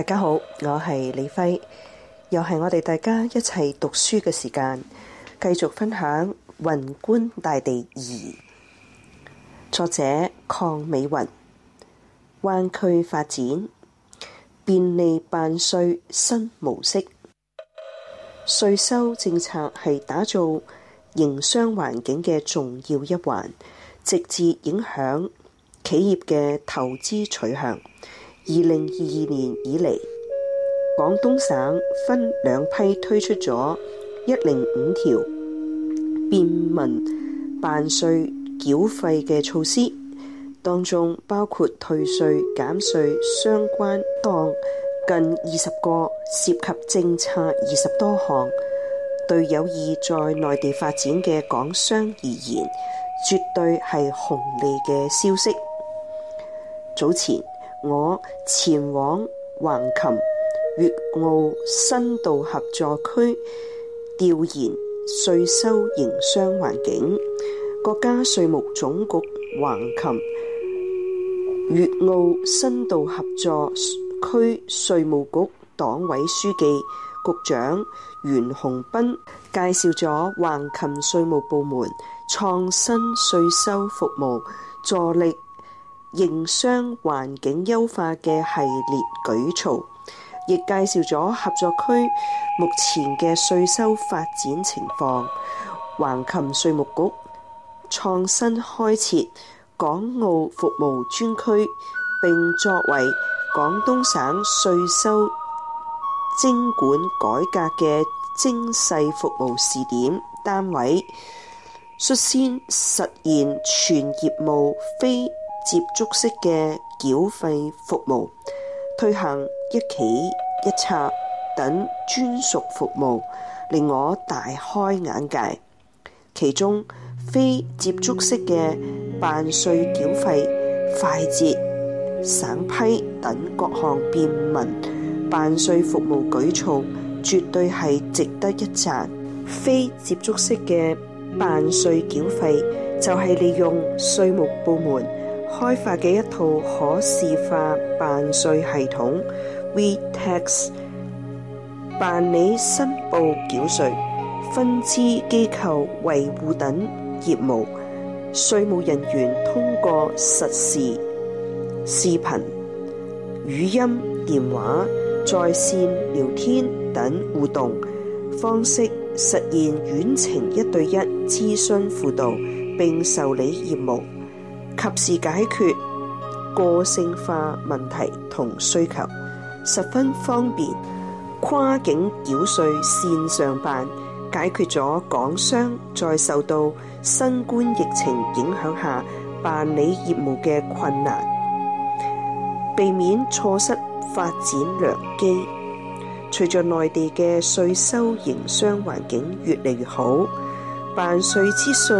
大家好，我係李輝，又係我哋大家一齊讀書嘅時間，繼續分享《雲觀大地二》，作者鄺美雲。灣區發展便利辦稅新模式，稅收政策係打造營商環境嘅重要一環，直接影響企業嘅投資取向。二零二二年以嚟，廣東省分兩批推出咗一零五條便民辦稅繳費嘅措施，當中包括退稅減稅相關檔近二十個涉及政策二十多項，對有意在內地發展嘅港商而言，絕對係紅利嘅消息。早前，我前往橫琴粵澳深度合作區調研稅收營商環境。國家稅務總局橫琴粵澳深度合作區稅務局黨委書記、局長袁洪斌介紹咗橫琴稅務部門創新稅收服務，助力。營商環境優化嘅系列舉措，亦介紹咗合作區目前嘅稅收發展情況。橫琴稅務局創新開設港澳服務專區，並作為廣東省稅收徵管改革嘅精細服務試點單位，率先實現全業務非。接觸式嘅繳費服務推行，一企一策等專屬服務，令我大開眼界。其中非接觸式嘅辦稅繳費、快捷審批等各項便民辦稅服務舉措，絕對係值得一讚。非接觸式嘅辦稅繳費就係利用稅務部門。開發嘅一套可視化辦稅系統 V-Tax，辦理申報繳稅、分支機構維護等業務，稅務人員通過實時視頻、語音、電話、在線聊天等互動方式，實現遠程一對一諮詢輔導並受理業務。及時解決個性化問題同需求，十分方便。跨境繳稅綫上辦，解決咗港商在受到新冠疫情影響下辦理業務嘅困難，避免錯失發展良機。隨着內地嘅稅收營商環境越嚟越好，辦稅資訊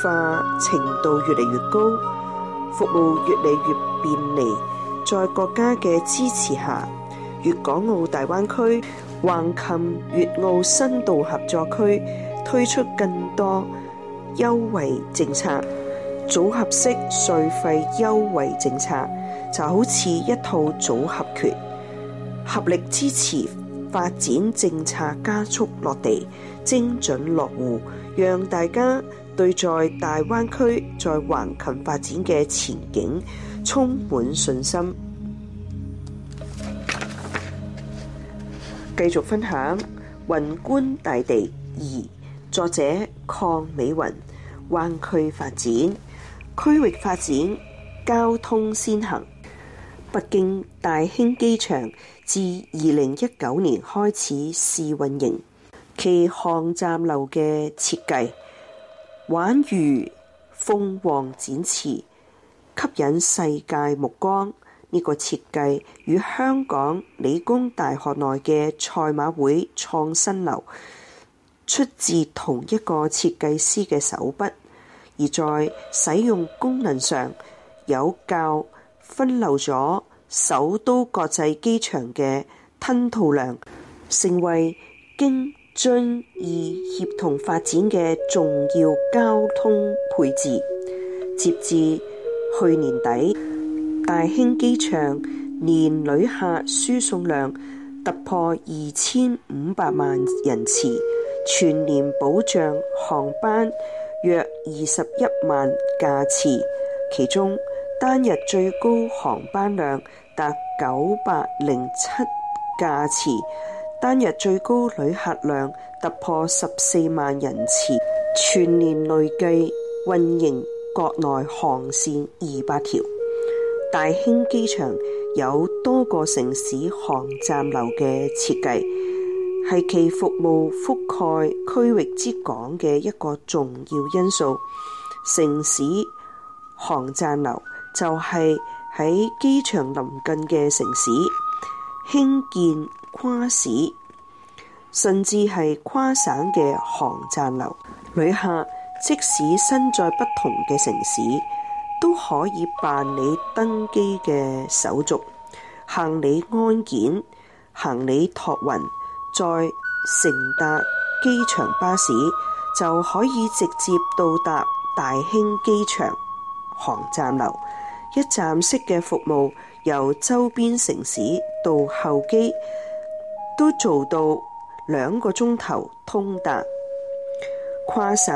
化程度越嚟越高。服務越嚟越便利，在國家嘅支持下，粵港澳大灣區橫琴粵澳深度合作區推出更多優惠政策，組合式稅費優惠政策就好似一套組合拳，合力支持發展政策加速落地、精準落戶，讓大家，對在大灣區在橫琴發展嘅前景充滿信心。繼續分享《雲觀大地二》，作者鄺美雲。灣區發展，區域發展，交通先行。北京大興機場自二零一九年開始試運營，其航站樓嘅設計。宛如鳳凰展翅，吸引世界目光。呢個設計與香港理工大學內嘅賽馬會創新樓出自同一個設計師嘅手筆，而在使用功能上，有較分流咗首都國際機場嘅吞吐量，成為經津冀協同發展嘅重要交通配置，截至去年底，大興機場年旅客輸送量突破二千五百萬人次，全年保障航班約二十一萬架次，其中單日最高航班量達九百零七架次。單日最高旅客量突破十四萬人次，全年累計運營國內航線二百條。大興機場有多個城市航站樓嘅設計，係其服務覆蓋區域之廣嘅一個重要因素。城市航站樓就係喺機場臨近嘅城市興建。跨市甚至係跨省嘅航站樓旅客，即使身在不同嘅城市，都可以辦理登機嘅手續、行李安檢、行李託運，再乘搭機場巴士就可以直接到達大興機場航站樓，一站式嘅服務，由周邊城市到候機。都做到兩個鐘頭通達跨省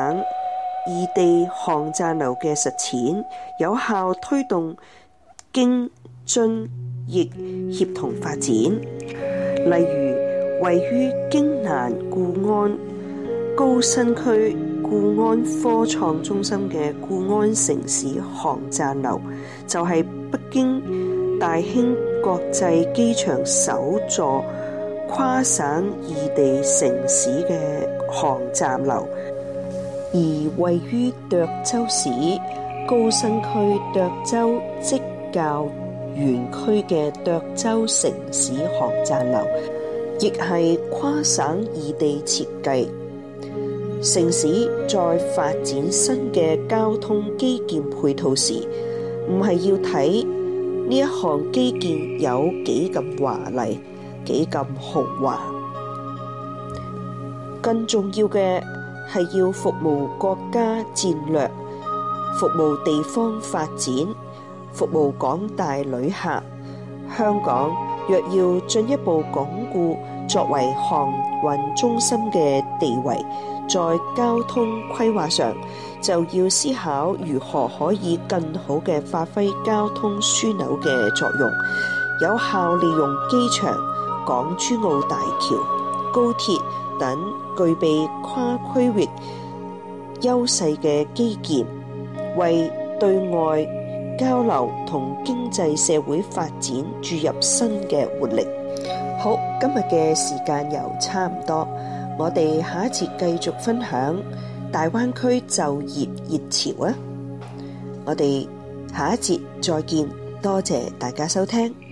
異地航站樓嘅實踐，有效推動京津冀協同發展。例如位於京南固安高新區固安科創中心嘅固安城市航站樓就係、是、北京大興國際機場首座。跨省異地城市嘅航站樓，而位於涿州市高新區涿州職教園區嘅涿州城市航站樓，亦係跨省異地設計。城市在發展新嘅交通基建配套時，唔係要睇呢一項基建有幾咁華麗。幾咁豪華，更重要嘅係要服務國家戰略，服務地方發展，服務廣大旅客。香港若要進一步鞏固作為航運中心嘅地位，在交通規劃上，就要思考如何可以更好嘅發揮交通樞紐嘅作用，有效利用機場。港珠澳大橋、高鐵等具備跨區域優勢嘅基建，為對外交流同經濟社會發展注入新嘅活力。好，今日嘅時間又差唔多，我哋下一節繼續分享大灣區就業熱潮啊。我哋下一節再見，多謝大家收聽。